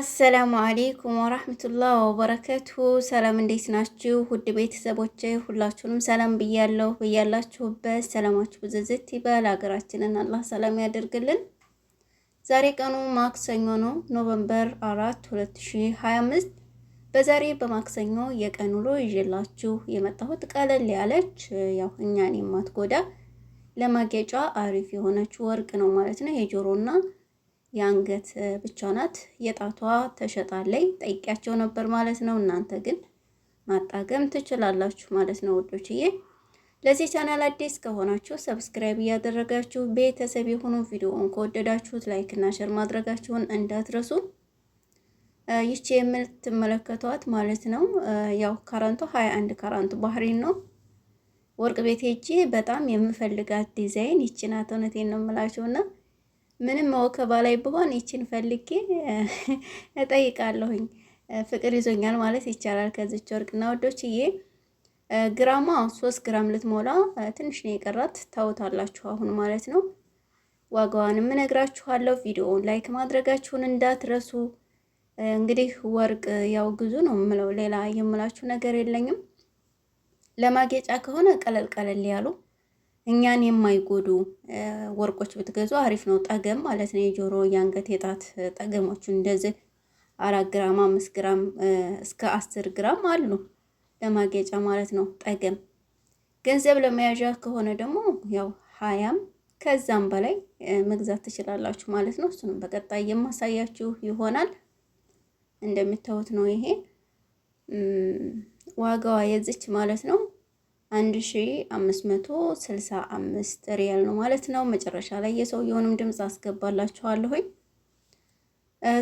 አሰላሙ አሌይኩም ወራህመቱላህ ወበረከቱ ሰላም እንዴት ናችሁ? ውድ ቤተሰቦቼ ሁላችሁንም ሰላም ብያለሁ። ብያላችሁበት ሰላማችሁ ብዝዝት ይበል። ሀገራችንን አላህ ሰላም ያደርግልን። ዛሬ ቀኑ ማክሰኞ ነው፣ ኖቨምበር አራት 2025። በዛሬ በማክሰኞ የቀን ውሎ ይዤላችሁ የመጣሁት ቀለል ያለች ያው እኛን የማትጎዳ ለማጌጫ አሪፍ የሆነች ወርቅ ነው ማለት ነው የጆሮና የአንገት ብቻ ናት። የጣቷ ተሸጣለኝ ጠይቂያቸው ነበር ማለት ነው። እናንተ ግን ማጣገም ትችላላችሁ ማለት ነው ውዶችዬ። ለዚህ ቻናል አዲስ ከሆናችሁ ሰብስክራይብ እያደረጋችሁ ቤተሰብ የሆኑ ቪዲዮውን ከወደዳችሁት ላይክ እና ሸር ማድረጋችሁን እንዳትረሱ። ይቺ የምትመለከቷት ማለት ነው ያው ካራንቶ 21 ካራንቶ ባህሪን ነው ወርቅ ቤት ሄጄ በጣም የምፈልጋት ዲዛይን ይቺ ናት። እውነቴን ነው የምላችሁና ምንም ወከባ ላይ ብሆን ይችን ፈልጌ እጠይቃለሁኝ። ፍቅር ይዞኛል ማለት ይቻላል። ከዚች ወርቅ እና ወዶችዬ ግራማ ሶስት ግራም ልትሞላ ትንሽ ነው የቀራት። ታውታላችሁ አሁን ማለት ነው። ዋጋዋንም እነግራችኋለሁ። ቪዲዮውን ላይክ ማድረጋችሁን እንዳትረሱ። እንግዲህ ወርቅ ያው ግዙ ነው የምለው፣ ሌላ የምላችሁ ነገር የለኝም። ለማጌጫ ከሆነ ቀለል ቀለል ያሉ እኛን የማይጎዱ ወርቆች ብትገዙ አሪፍ ነው። ጠገም ማለት ነው። የጆሮ የአንገት፣ የጣት ጠገሞች እንደዚህ አራት ግራም፣ አምስት ግራም እስከ አስር ግራም አሉ ለማጌጫ ማለት ነው። ጠገም ገንዘብ ለመያዣ ከሆነ ደግሞ ያው ሀያም ከዛም በላይ መግዛት ትችላላችሁ ማለት ነው። እሱንም በቀጣይ የማሳያችሁ ይሆናል። እንደምታዩት ነው ይሄ ዋጋዋ የዚች ማለት ነው። 1565 ሪያል ነው ማለት ነው። መጨረሻ ላይ የሰውየውንም ድምፅ አስገባላችኋለሁኝ።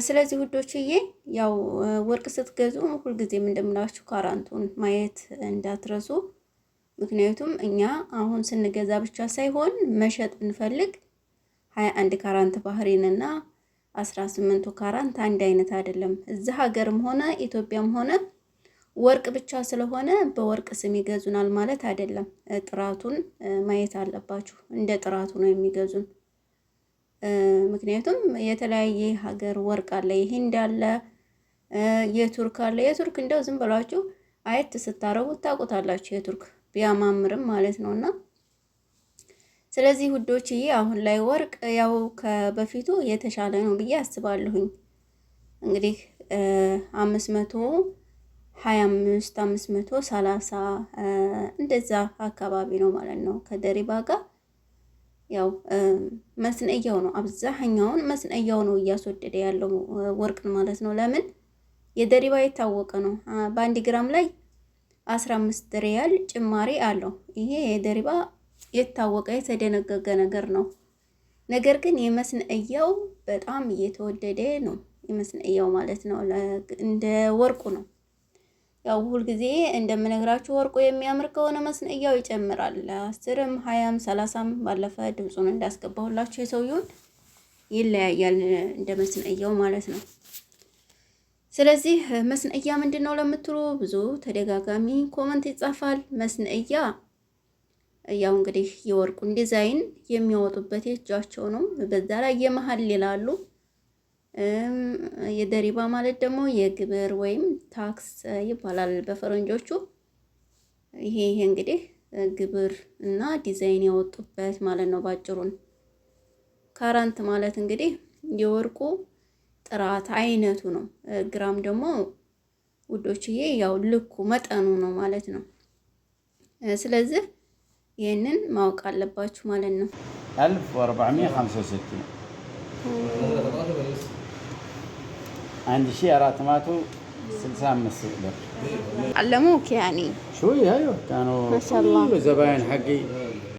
ስለዚህ ውዶችዬ ያው ወርቅ ስትገዙ ሁልጊዜም እንደምላችሁ ካራንቱን ማየት እንዳትረሱ። ምክንያቱም እኛ አሁን ስንገዛ ብቻ ሳይሆን መሸጥ እንፈልግ 21 ካራንት ባህሪንና 18 ካራንት አንድ አይነት አይደለም። እዚህ ሀገርም ሆነ ኢትዮጵያም ሆነ ወርቅ ብቻ ስለሆነ በወርቅ ስም ይገዙናል ማለት አይደለም። ጥራቱን ማየት አለባችሁ። እንደ ጥራቱ ነው የሚገዙን። ምክንያቱም የተለያየ ሀገር ወርቅ አለ። የሂንድ አለ፣ የቱርክ አለ። የቱርክ እንደው ዝም ብላችሁ አየት ስታረጉት ታውቁታላችሁ። የቱርክ ቢያማምርም ማለት ነው እና ስለዚህ ውዶችዬ አሁን ላይ ወርቅ ያው ከበፊቱ የተሻለ ነው ብዬ አስባለሁኝ። እንግዲህ አምስት መቶ ሀያ አምስት አምስት መቶ ሰላሳ እንደዛ አካባቢ ነው ማለት ነው። ከደሪባ ጋር ያው መስነያው ነው አብዛኛውን መስነያው ነው እያስወደደ ያለው ወርቅን ማለት ነው። ለምን የደሪባ የታወቀ ነው። በአንድ ግራም ላይ አስራ አምስት ሪያል ጭማሪ አለው። ይሄ የደሪባ የታወቀ የተደነገገ ነገር ነው። ነገር ግን የመስነያው በጣም እየተወደደ ነው። የመስነያው ማለት ነው እንደ ወርቁ ነው። ያው ሁልጊዜ እንደምነግራችሁ ወርቁ የሚያምር ከሆነ መስነያው ይጨምራል። አስርም ሀያም ሰላሳም ባለፈ ድምፁን እንዳስገባሁላችሁ የሰውየውን ይለያያል እንደ መስነያው ማለት ነው። ስለዚህ መስነያ ምንድን ነው ለምትሉ ብዙ ተደጋጋሚ ኮመንት ይጻፋል። መስነያ ያው እንግዲህ የወርቁን ዲዛይን የሚያወጡበት የእጃቸው ነው። በዛ ላይ የመሀል ይላሉ። የደሪባ ማለት ደግሞ የግብር ወይም ታክስ ይባላል በፈረንጆቹ። ይሄ ይሄ እንግዲህ ግብር እና ዲዛይን ያወጡበት ማለት ነው ባጭሩን። ካራንት ማለት እንግዲህ የወርቁ ጥራት አይነቱ ነው። ግራም ደግሞ ውዶችዬ ያው ልኩ መጠኑ ነው ማለት ነው። ስለዚህ ይህንን ማወቅ አለባችሁ ማለት ነው። 1465 عندي شيء راتماته 65 قبل علموك يعني شوي ايوه كانوا ما شاء الله زباين حقي